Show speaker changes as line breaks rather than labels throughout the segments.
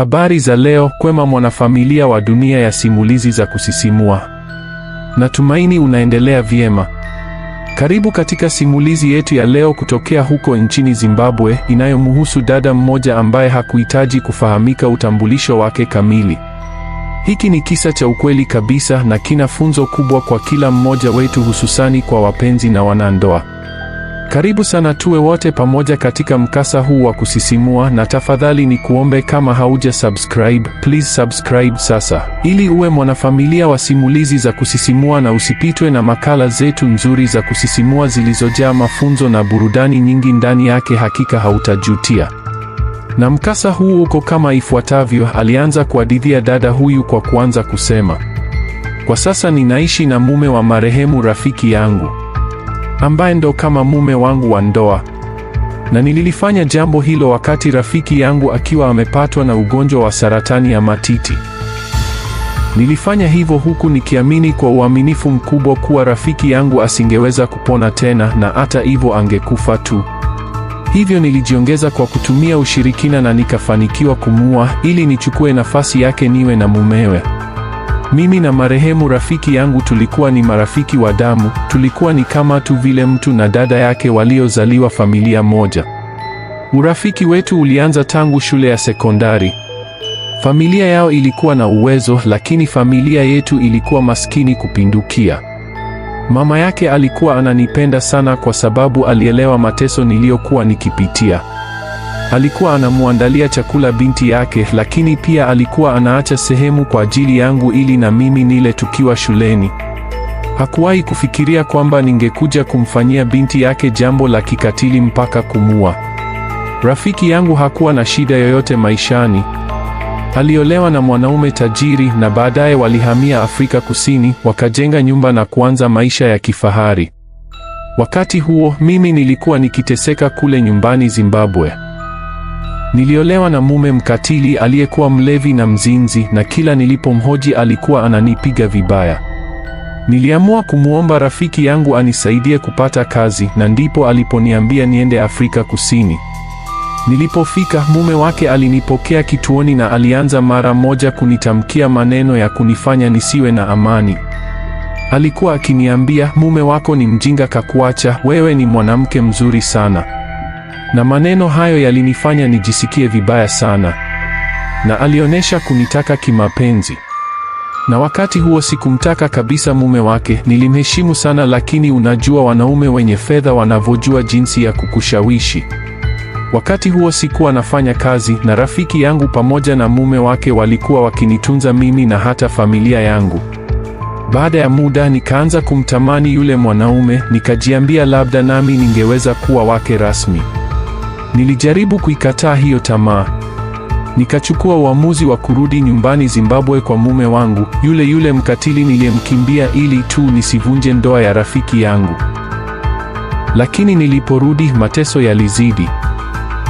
Habari za leo, kwema mwanafamilia wa Dunia ya Simulizi za Kusisimua. Natumaini unaendelea vyema. Karibu katika simulizi yetu ya leo kutokea huko nchini Zimbabwe inayomhusu dada mmoja ambaye hakuhitaji kufahamika utambulisho wake kamili. Hiki ni kisa cha ukweli kabisa na kina funzo kubwa kwa kila mmoja wetu, hususani kwa wapenzi na wanandoa. Karibu sana tuwe wote pamoja katika mkasa huu wa kusisimua, na tafadhali ni kuombe kama hauja subscribe, please subscribe sasa, ili uwe mwanafamilia wa simulizi za kusisimua na usipitwe na makala zetu nzuri za kusisimua zilizojaa mafunzo na burudani nyingi ndani yake. Hakika hautajutia. Na mkasa huu uko kama ifuatavyo. Alianza kuadidhia dada huyu kwa kuanza kusema, kwa sasa ninaishi na mume wa marehemu rafiki yangu ambaye ndo kama mume wangu wa ndoa. Na nililifanya jambo hilo wakati rafiki yangu akiwa amepatwa na ugonjwa wa saratani ya matiti. Nilifanya hivyo huku nikiamini kwa uaminifu mkubwa kuwa rafiki yangu asingeweza kupona tena na hata hivyo angekufa tu. Hivyo nilijiongeza kwa kutumia ushirikina na nikafanikiwa kumua ili nichukue nafasi yake niwe na mumewe. Mimi na marehemu rafiki yangu tulikuwa ni marafiki wa damu, tulikuwa ni kama tu vile mtu na dada yake waliozaliwa familia moja. Urafiki wetu ulianza tangu shule ya sekondari. Familia yao ilikuwa na uwezo, lakini familia yetu ilikuwa maskini kupindukia. Mama yake alikuwa ananipenda sana kwa sababu alielewa mateso niliyokuwa nikipitia. Alikuwa anamuandalia chakula binti yake, lakini pia alikuwa anaacha sehemu kwa ajili yangu ili na mimi nile tukiwa shuleni. Hakuwahi kufikiria kwamba ningekuja kumfanyia binti yake jambo la kikatili mpaka kumua. Rafiki yangu hakuwa na shida yoyote maishani. Aliolewa na mwanaume tajiri na baadaye walihamia Afrika Kusini, wakajenga nyumba na kuanza maisha ya kifahari. Wakati huo mimi nilikuwa nikiteseka kule nyumbani Zimbabwe. Niliolewa na mume mkatili aliyekuwa mlevi na mzinzi, na kila nilipomhoji alikuwa ananipiga vibaya. Niliamua kumwomba rafiki yangu anisaidie kupata kazi, na ndipo aliponiambia niende Afrika Kusini. Nilipofika, mume wake alinipokea kituoni na alianza mara moja kunitamkia maneno ya kunifanya nisiwe na amani. Alikuwa akiniambia, mume wako ni mjinga, kakuacha wewe, ni mwanamke mzuri sana na maneno hayo yalinifanya nijisikie vibaya sana, na alionyesha kunitaka kimapenzi, na wakati huo sikumtaka kabisa mume wake. Nilimheshimu sana, lakini unajua wanaume wenye fedha wanavyojua jinsi ya kukushawishi. Wakati huo sikuwa nafanya kazi, na rafiki yangu pamoja na mume wake walikuwa wakinitunza mimi na hata familia yangu. Baada ya muda nikaanza kumtamani yule mwanaume, nikajiambia labda nami ningeweza kuwa wake rasmi. Nilijaribu kuikataa hiyo tamaa. Nikachukua uamuzi wa kurudi nyumbani Zimbabwe kwa mume wangu, yule yule mkatili niliyemkimbia ili tu nisivunje ndoa ya rafiki yangu. Lakini niliporudi mateso yalizidi.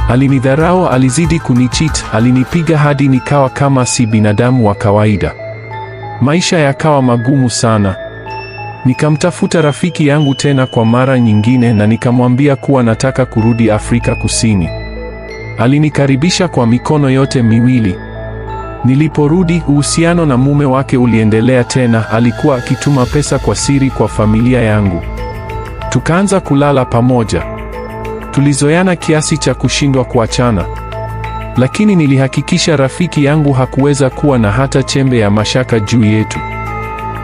Alinidharau, alizidi kunichit, alinipiga hadi nikawa kama si binadamu wa kawaida. Maisha yakawa magumu sana. Nikamtafuta rafiki yangu tena kwa mara nyingine na nikamwambia kuwa nataka kurudi Afrika Kusini. Alinikaribisha kwa mikono yote miwili. Niliporudi, uhusiano na mume wake uliendelea tena, alikuwa akituma pesa kwa siri kwa familia yangu. Tukaanza kulala pamoja. Tulizoeana kiasi cha kushindwa kuachana. Lakini nilihakikisha rafiki yangu hakuweza kuwa na hata chembe ya mashaka juu yetu.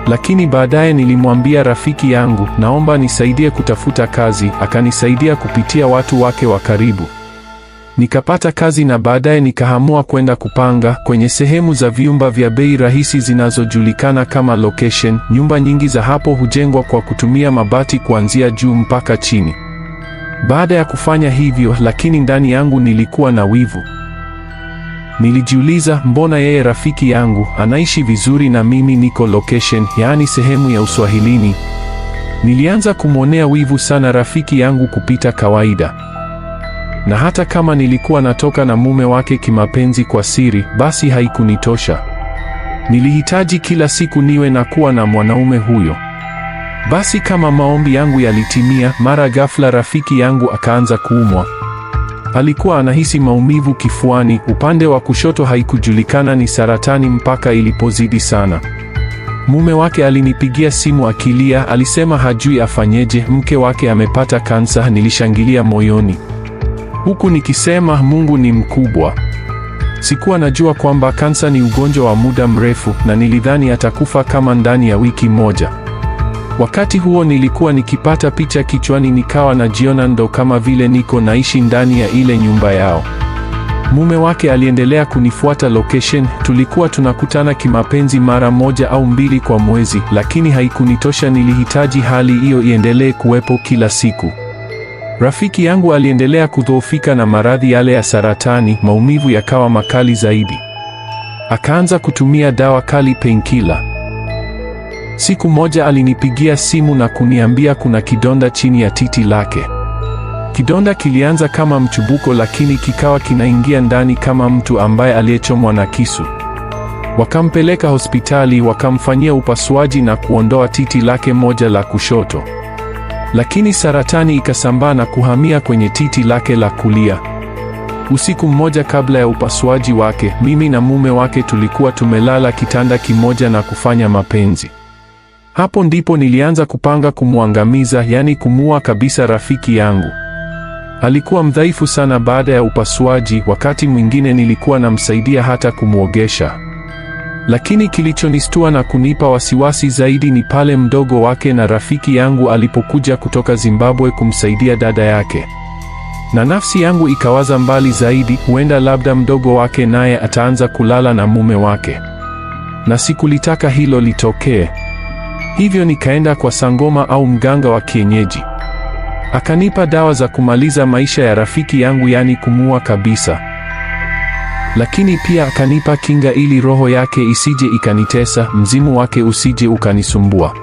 Lakini baadaye nilimwambia rafiki yangu, naomba nisaidie kutafuta kazi, akanisaidia kupitia watu wake wa karibu. Nikapata kazi na baadaye nikahamua kwenda kupanga kwenye sehemu za vyumba vya bei rahisi zinazojulikana kama location. Nyumba nyingi za hapo hujengwa kwa kutumia mabati kuanzia juu mpaka chini. Baada ya kufanya hivyo, lakini ndani yangu nilikuwa na wivu. Nilijiuliza, mbona yeye rafiki yangu anaishi vizuri na mimi niko location, yaani sehemu ya Uswahilini? Nilianza kumwonea wivu sana rafiki yangu kupita kawaida, na hata kama nilikuwa natoka na mume wake kimapenzi kwa siri, basi haikunitosha. Nilihitaji kila siku niwe na kuwa na mwanaume huyo. Basi kama maombi yangu yalitimia, mara ghafla rafiki yangu akaanza kuumwa alikuwa anahisi maumivu kifuani, upande wa kushoto haikujulikana ni saratani mpaka ilipozidi sana. Mume wake alinipigia simu akilia, alisema hajui afanyeje, mke wake amepata kansa. Nilishangilia moyoni huku nikisema Mungu ni mkubwa. Sikuwa najua kwamba kansa ni ugonjwa wa muda mrefu, na nilidhani atakufa kama ndani ya wiki moja. Wakati huo nilikuwa nikipata picha kichwani, nikawa najiona ndo kama vile niko naishi ndani ya ile nyumba yao. Mume wake aliendelea kunifuata location. Tulikuwa tunakutana kimapenzi mara moja au mbili kwa mwezi, lakini haikunitosha. Nilihitaji hali hiyo iendelee kuwepo kila siku. Rafiki yangu aliendelea kudhoofika na maradhi yale ya saratani, maumivu yakawa makali zaidi. Akaanza kutumia dawa kali, painkiller. Siku moja alinipigia simu na kuniambia kuna kidonda chini ya titi lake. Kidonda kilianza kama mchubuko, lakini kikawa kinaingia ndani kama mtu ambaye aliyechomwa na kisu. Wakampeleka hospitali, wakamfanyia upasuaji na kuondoa titi lake moja la kushoto, lakini saratani ikasambaa na kuhamia kwenye titi lake la kulia. Usiku mmoja kabla ya upasuaji wake, mimi na mume wake tulikuwa tumelala kitanda kimoja na kufanya mapenzi. Hapo ndipo nilianza kupanga kumwangamiza, yaani kumua kabisa rafiki yangu. Alikuwa mdhaifu sana baada ya upasuaji, wakati mwingine nilikuwa namsaidia hata kumwogesha. Lakini kilichonistua na kunipa wasiwasi zaidi ni pale mdogo wake na rafiki yangu alipokuja kutoka Zimbabwe kumsaidia dada yake. Na nafsi yangu ikawaza mbali zaidi, huenda labda mdogo wake naye ataanza kulala na mume wake. Na sikulitaka hilo litokee. Hivyo nikaenda kwa sangoma au mganga wa kienyeji. Akanipa dawa za kumaliza maisha ya rafiki yangu, yaani kumua kabisa. Lakini pia akanipa kinga ili roho yake isije ikanitesa, mzimu wake usije ukanisumbua.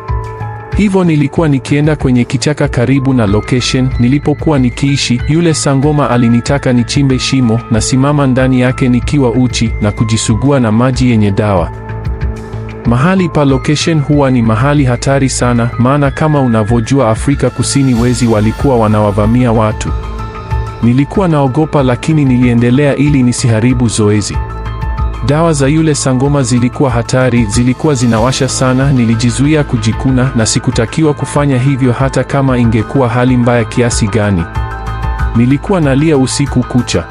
Hivyo nilikuwa nikienda kwenye kichaka karibu na location nilipokuwa nikiishi. Yule sangoma alinitaka nichimbe shimo na simama ndani yake nikiwa uchi na kujisugua na maji yenye dawa. Mahali pa location huwa ni mahali hatari sana, maana kama unavyojua Afrika Kusini wezi walikuwa wanawavamia watu. Nilikuwa naogopa, lakini niliendelea ili nisiharibu zoezi. Dawa za yule sangoma zilikuwa hatari, zilikuwa zinawasha sana. Nilijizuia kujikuna na sikutakiwa kufanya hivyo, hata kama ingekuwa hali mbaya kiasi gani. Nilikuwa nalia usiku kucha.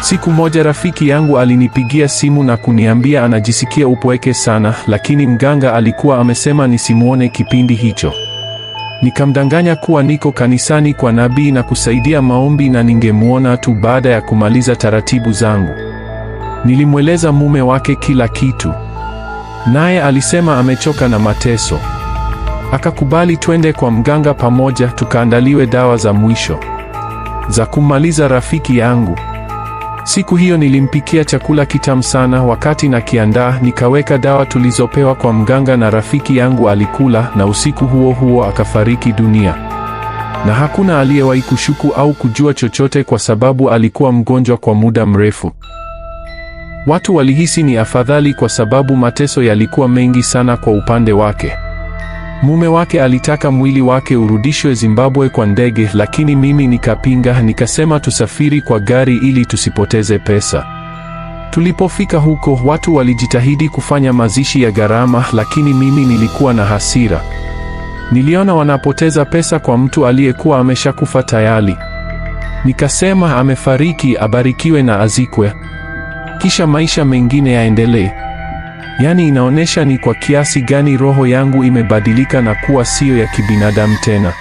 Siku moja rafiki yangu alinipigia simu na kuniambia anajisikia upweke sana, lakini mganga alikuwa amesema nisimwone kipindi hicho. Nikamdanganya kuwa niko kanisani kwa nabii na kusaidia maombi na ningemwona tu baada ya kumaliza taratibu zangu. Nilimweleza mume wake kila kitu, naye alisema amechoka na mateso, akakubali twende kwa mganga pamoja tukaandaliwe dawa za mwisho za kumaliza rafiki yangu. Siku hiyo nilimpikia chakula kitamu sana. Wakati nakiandaa, nikaweka dawa tulizopewa kwa mganga na rafiki yangu alikula, na usiku huo huo akafariki dunia, na hakuna aliyewahi kushuku au kujua chochote, kwa sababu alikuwa mgonjwa kwa muda mrefu. Watu walihisi ni afadhali, kwa sababu mateso yalikuwa mengi sana kwa upande wake. Mume wake alitaka mwili wake urudishwe Zimbabwe kwa ndege, lakini mimi nikapinga, nikasema tusafiri kwa gari ili tusipoteze pesa. Tulipofika huko, watu walijitahidi kufanya mazishi ya gharama, lakini mimi nilikuwa na hasira. Niliona wanapoteza pesa kwa mtu aliyekuwa ameshakufa tayari. Nikasema amefariki, abarikiwe na azikwe, kisha maisha mengine yaendelee. Yaani inaonyesha ni kwa kiasi gani roho yangu imebadilika na kuwa siyo ya kibinadamu tena.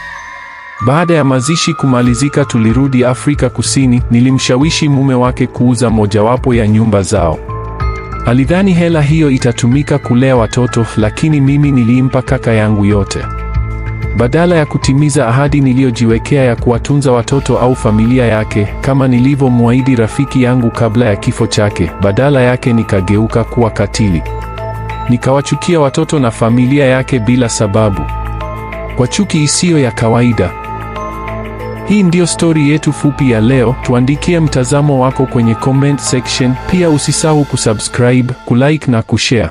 Baada ya mazishi kumalizika, tulirudi Afrika Kusini. Nilimshawishi mume wake kuuza mojawapo ya nyumba zao. Alidhani hela hiyo itatumika kulea watoto, lakini mimi nilimpa kaka yangu yote. Badala ya kutimiza ahadi niliyojiwekea ya kuwatunza watoto au familia yake kama nilivyomwahidi rafiki yangu kabla ya kifo chake, badala yake nikageuka kuwa katili. Nikawachukia watoto na familia yake bila sababu, kwa chuki isiyo ya kawaida. Hii ndiyo stori yetu fupi ya leo. Tuandikie mtazamo wako kwenye comment section. Pia usisahau kusubscribe, kulike na kushare.